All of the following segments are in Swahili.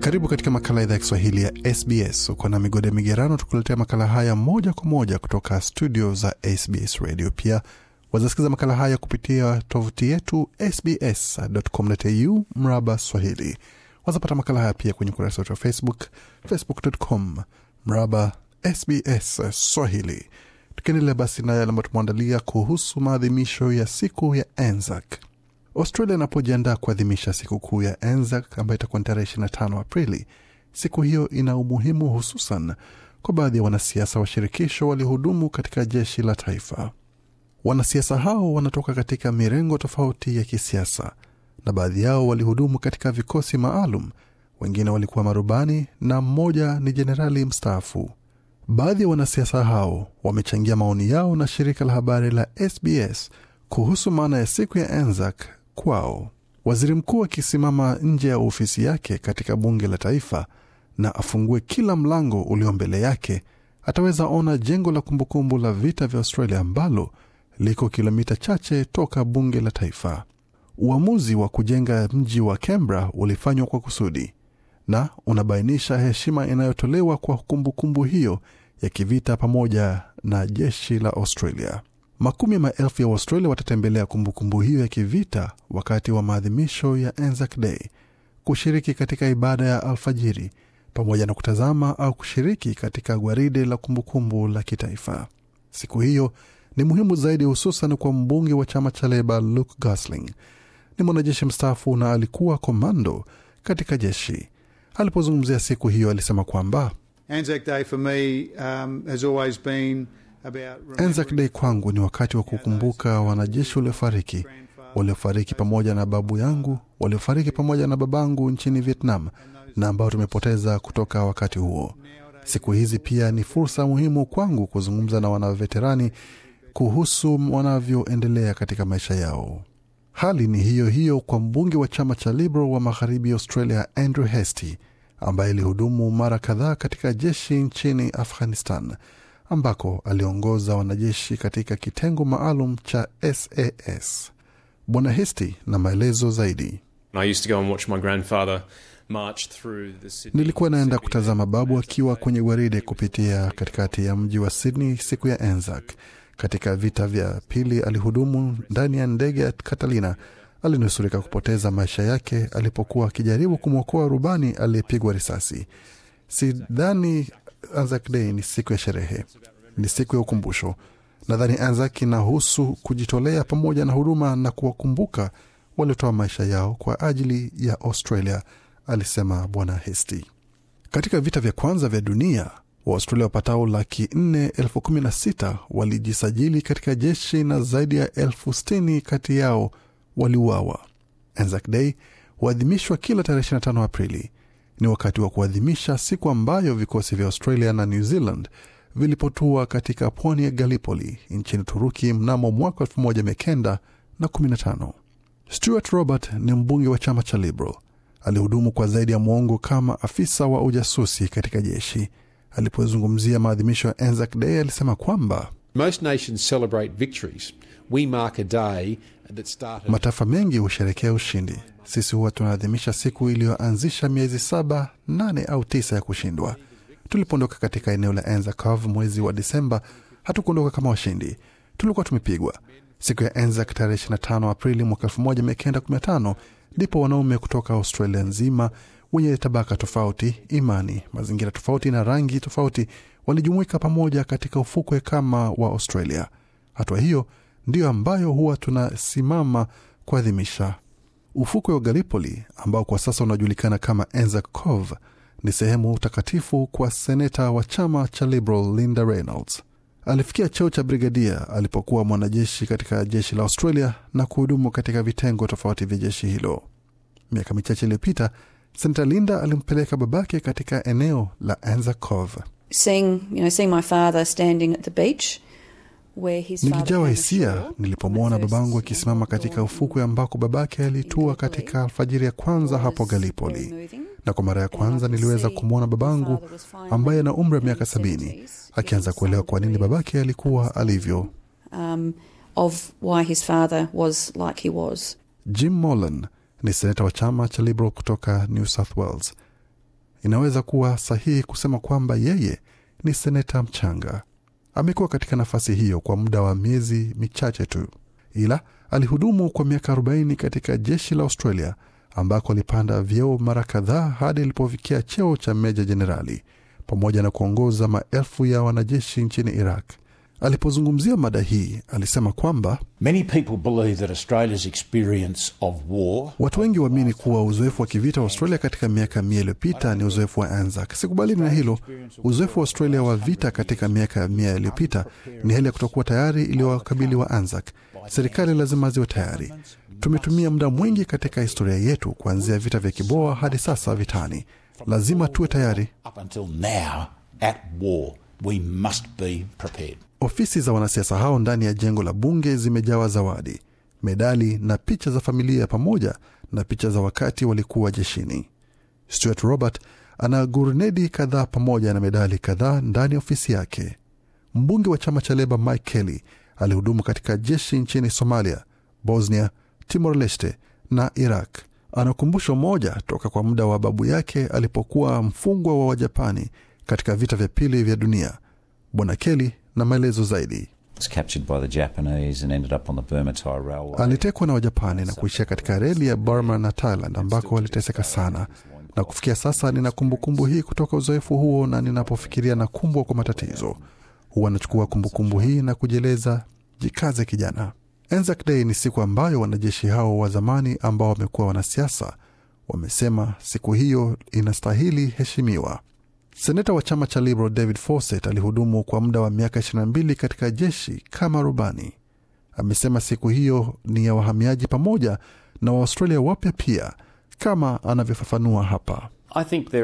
Karibu katika makala idhaa ya Kiswahili ya SBS. Uko na Migode Migerano tukuletea makala haya moja kwa moja kutoka studio za SBS Radio. Pia wazasikiza makala haya kupitia tovuti yetu sbs.com.au mraba swahili. Wazapata makala haya pia kwenye ukurasa wetu wa Facebook, facebook.com mraba SBS Swahili. Tukiendelea basi na yale ambayo tumeandalia kuhusu maadhimisho ya siku ya Anzac Australia inapojiandaa kuadhimisha sikukuu ya Anzac ambayo itakuwa ni tarehe 25 Aprili. Siku hiyo ina umuhimu hususan kwa baadhi ya wanasiasa wa shirikisho katika jeshi la taifa. Wanasiasa hao wanatoka katika mirengo tofauti ya kisiasa, na baadhi yao walihudumu katika vikosi maalum, wengine walikuwa marubani na mmoja ni jenerali mstaafu. Baadhi ya wanasiasa hao wamechangia maoni yao na shirika la habari la SBS kuhusu maana ya siku ya Anzac kwao. Waziri mkuu akisimama nje ya ofisi yake katika bunge la taifa na afungue kila mlango ulio mbele yake, ataweza ona jengo la kumbukumbu la vita vya Australia ambalo liko kilomita chache toka bunge la taifa. Uamuzi wa kujenga mji wa Canberra ulifanywa kwa kusudi na unabainisha heshima inayotolewa kwa kumbukumbu kumbu hiyo ya kivita pamoja na jeshi la Australia. Makumi ya maelfu ya Waustralia watatembelea kumbukumbu hiyo ya kivita wakati wa maadhimisho ya Anzac Day, kushiriki katika ibada ya alfajiri pamoja na kutazama au kushiriki katika gwaride la kumbukumbu la kitaifa. Siku hiyo ni muhimu zaidi, hususan kwa mbunge wa chama cha Leba Luke Gosling. Ni mwanajeshi mstaafu na alikuwa komando katika jeshi. Alipozungumzia siku hiyo, alisema kwamba Anzac Day for me, um, has always been Anzac Day kwangu ni wakati wa kukumbuka wanajeshi waliofariki, waliofariki pamoja na babu yangu, waliofariki pamoja na babangu nchini Vietnam na ambao tumepoteza kutoka wakati huo. Siku hizi pia ni fursa muhimu kwangu kuzungumza na wanaveterani kuhusu wanavyoendelea katika maisha yao. Hali ni hiyo hiyo kwa mbunge wa chama cha Liberal wa magharibi Australia, Andrew Hastie ambaye alihudumu mara kadhaa katika jeshi nchini Afghanistan ambako aliongoza wanajeshi katika kitengo maalum cha SAS. Bwana Histi na maelezo zaidi. Nilikuwa naenda kutazama babu akiwa kwenye gwaride kupitia katikati ya mji wa Sydney siku ya Anzac. Katika vita vya pili alihudumu ndani ya ndege ya Catalina. Alinusurika kupoteza maisha yake alipokuwa akijaribu kumwokoa rubani aliyepigwa risasi. Sidhani Anzac Day ni siku ya sherehe, ni siku ya ukumbusho. Nadhani Anzac inahusu kujitolea pamoja na huduma na kuwakumbuka waliotoa maisha yao kwa ajili ya Australia, alisema Bwana Hesti. Katika vita vya kwanza vya dunia Waaustralia wapatao laki nne elfu kumi na sita walijisajili katika jeshi na zaidi ya elfu sitini kati yao waliuawa. Anzac Day huadhimishwa kila tarehe 25 Aprili ni wakati wa kuadhimisha siku ambayo vikosi vya Australia na New Zealand vilipotua katika pwani ya Gallipoli nchini Turuki mnamo mwaka tano. Stuart Robert ni mbunge wa chama cha Liberal. Alihudumu kwa zaidi ya mwongo kama afisa wa ujasusi katika jeshi. Alipozungumzia maadhimisho ya Anzac Day alisema kwamba Most nations celebrate victories Mataifa mengi husherekea ushindi. Sisi huwa tunaadhimisha siku iliyoanzisha miezi saba, nane au tisa ya kushindwa. Tulipoondoka katika eneo la Anzac mwezi wa Disemba, hatukuondoka kama washindi, tulikuwa tumepigwa. Siku ya Anzac tarehe 25 Aprili mwaka 1915 ndipo wanaume kutoka Australia nzima wenye tabaka tofauti, imani, mazingira tofauti na rangi tofauti walijumuika pamoja katika ufukwe kama wa Australia. Hatua hiyo ndiyo ambayo huwa tunasimama kuadhimisha. Ufukwe wa galipoli ambao kwa sasa unajulikana kama Anzac Cove ni sehemu takatifu kwa seneta wa chama cha Liberal Linda Reynolds. Alifikia cheo cha brigadia alipokuwa mwanajeshi katika jeshi la Australia na kuhudumu katika vitengo tofauti vya jeshi hilo. Miaka michache iliyopita, senata Linda alimpeleka babake katika eneo la Anzac Cove. Seeing, you know, seeing my father standing at the beach Nilijawa hisia nilipomwona babangu akisimama katika ufukwe ambako babake alitua katika alfajiri ya kwanza hapo Galipoli, na kwa mara ya kwanza niliweza kumwona babangu ambaye ana umri wa miaka sabini akianza kuelewa kwa nini babake alikuwa alivyo. Um, Jim Molan ni seneta wa chama cha Liberal kutoka New South Wales. Inaweza kuwa sahihi kusema kwamba yeye ni seneta mchanga Amekuwa katika nafasi hiyo kwa muda wa miezi michache tu, ila alihudumu kwa miaka 40 katika jeshi la Australia ambako alipanda vyeo mara kadhaa hadi alipofikia cheo cha meja jenerali pamoja na kuongoza maelfu ya wanajeshi nchini Iraq. Alipozungumzia mada hii alisema kwamba Many people believe that Australia's experience of war, watu wengi waamini kuwa uzoefu wa kivita wa Australia katika miaka mia iliyopita ni uzoefu wa Anzac. Sikubaliani na hilo. Uzoefu wa Australia wa vita katika miaka mia iliyopita ni hali ya kutokuwa tayari iliyowakabili wa Anzac. Serikali lazima ziwe tayari. Tumetumia muda mwingi katika historia yetu, kuanzia vita vya Kiboa hadi sasa vitani. Lazima tuwe tayari. Ofisi za wanasiasa hao ndani ya jengo la bunge zimejawa zawadi, medali na picha za familia pamoja na picha za wakati walikuwa jeshini. Stuart Robert ana gurnedi kadhaa pamoja na medali kadhaa ndani ya ofisi yake. Mbunge wa chama cha Leba Mike Kelly alihudumu katika jeshi nchini Somalia, Bosnia, Timor Leste na Iraq. Ana ukumbusho mmoja toka kwa muda wa babu yake alipokuwa mfungwa wa Wajapani katika vita vya pili vya dunia. Bwana Kelly na maelezo zaidi. Alitekwa na Wajapani na kuishia katika reli ya Burma na Thailand ambako waliteseka sana, na kufikia sasa nina kumbukumbu hii kutoka uzoefu huo, na ninapofikiria na kumbwa kwa matatizo huwa nachukua kumbukumbu hii na kujieleza, jikaze kijana. Anzac Day ni siku ambayo wanajeshi hao wa zamani ambao wamekuwa wanasiasa wamesema siku hiyo inastahili heshimiwa. Seneta wa chama cha Liberal David Fawcett alihudumu kwa muda wa miaka 22 katika jeshi kama rubani. Amesema siku hiyo ni ya wahamiaji pamoja na Waaustralia wapya pia, kama anavyofafanua hapa. Uh,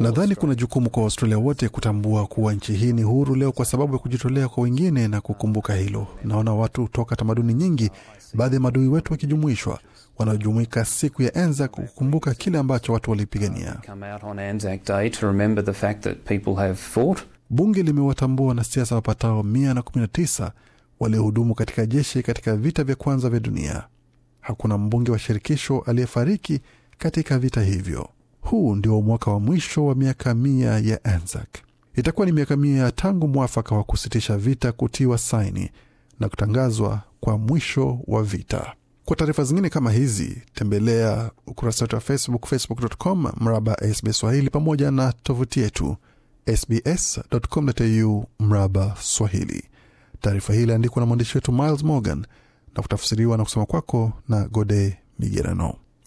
Nadhani kuna jukumu kwa Waustralia wote kutambua kuwa nchi hii ni huru leo kwa sababu ya kujitolea kwa wengine na kukumbuka hilo. Naona watu toka tamaduni nyingi, baadhi ya maadui wetu wakijumuishwa, wanaojumuika siku ya Anzac kukumbuka kile ambacho watu walipigania. Uh, Bunge limewatambua wanasiasa wapatao mia na waliohudumu katika jeshi katika vita vya kwanza vya dunia. Hakuna mbunge wa shirikisho aliyefariki katika vita hivyo. Huu ndio mwaka wa mwisho wa miaka mia ya Anzac. Itakuwa ni miaka mia tangu mwafaka wa kusitisha vita kutiwa saini na kutangazwa kwa mwisho wa vita. Kwa taarifa zingine kama hizi, tembelea ukurasa wetu wa Facebook, facebook.com mraba SB Swahili, pamoja na tovuti yetu sbs.com.au mraba Swahili. Taarifa hii iliandikwa na mwandishi wetu Miles Morgan na kutafsiriwa na kusoma kwako na Gode Migerano.